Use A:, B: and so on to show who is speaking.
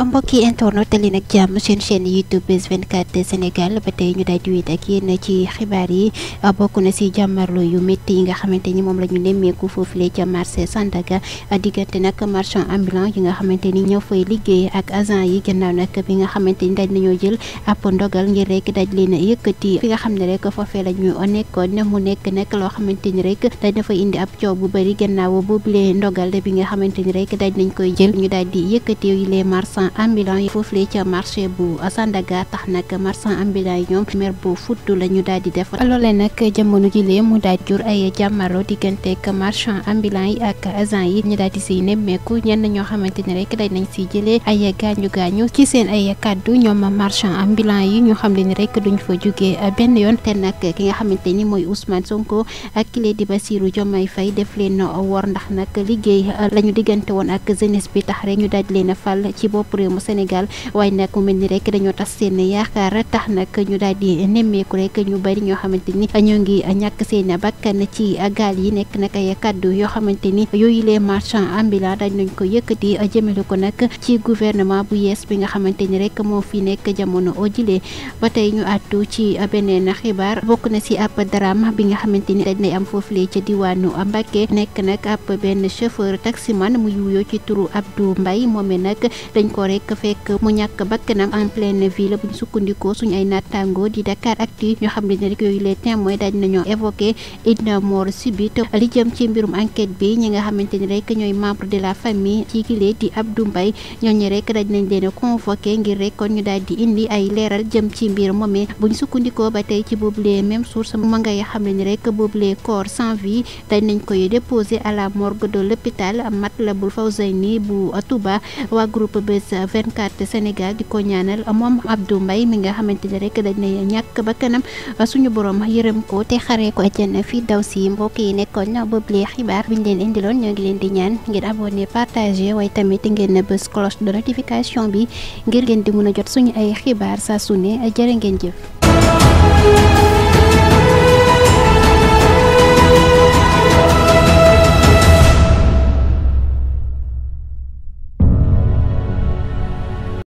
A: mbokki internet li nag jàmm seen chaîne youtube Buzz 24 Sénégal ba tey ñu daal di wéet ak yéen ci xibaar yi ah, bokk na si jàmmarloo yu métti yi nga xamante ni moom la ñu nemmeeku foofule ca marché Sandaga ah, diggante nag marchand ambulant yi nga xamante ni ñëw fay liggéey ak agent yi gannaaw nag bi nga xamante ni dañ nañoo jël ab ndogal ngir rek daj leen yëkkati fi nga xam ne rek foofee la ñu nekkoon mu nekk nag loo xamante ni rek dañ dafa indi ab coow bu bëri gannaaw boobule ndogal bi nga xamante ni rek dañ nañ koy jël ñu daal di yëkkati les marchand ambulant yi foofulee ca marché bu Sandaga tax nag marchand ambulant yi ñoom mer bu fudd la ñu daal di def loolee nag jamono jilee mu daal jur ay jàmmarloo diggante ak marchand ambulant yi ak agent yi ñu daal di siy nemmeeku ñenn ñoo xamante ni rek dañ nañ siy jëlee ay gaañu gaañu ci seen ay kàddu ñoom marchand ambulant yi ñu xam leen rek duñ fa jugee benn yoon te nag ki nga xamante ni mooy Ousmane Sonko ak kile di Bassirou Diomaye fay def leen wor ndax nag liggéey lañu ñu diggante ak bopp réew mu Sénégal waaye nag mu mel ni rek dañoo tas seen yaakaar tax nag ñu daal di nemmeeku rek ñu bari ñoo xamante ni ñoo ngi ñàkk seen bakkan ci gaal yi nekk nag ay kàddu yoo xamante ni yooyu les ko yëkkati jëmale ko nag ci gouvernement bu yees bi nga xamante ni rek moo fi nekk jamono ojile ba tey ñu àddu ci beneen xibaar bokk na si ab drame bi nga xamante ni dañ lay am foofulee ca diwaanu Mbacké nekk nag ab benn chauffeur taximan muy wuyoo ci turu Abdou Mbaye moomee nag dañ ko ko rek fekk mu ñàkk bakkanam en pleine ville bu ñu sukkandikoo suñu ay naataango di Dakar Actu ñoo xam ne ne rek yooyu les témoins dañ nañoo évoqué une mort subite li jëm ci mbirum enquête bi ñi nga xamante ni rek ñooy membre de la famille ci gilee di Abdou Mbaye ñooñu rek dañ nañ leen kon ñu daal di indi ay leeral jëm ci mbir moomee bu ñu sukkandikoo ba tey ci boobule même source ma ngay xam ne ni rek boobule corps sans vie dañ nañ koy déposé à la morgue de l'hôpital Matlaboul Fawzayni bu Touba waa groupe bés Thiès 24 Sénégal di ko ñaanal moom Abdou mbay mi nga xamante ne rek dañ ne ñakk ba kanam ba suñu borom yërëm ko te xaree ko àjjana fii daw si mbokk yi nekkoon boobule xibaar bi leen indiloon ñoo ngi leen di ñaan ngeen abonné partagé waaye tamit ngeen bës cloche de notification bi ngir ngeen di mën a jot suñu ay xibaar saa su ne jërë ngeen jëf.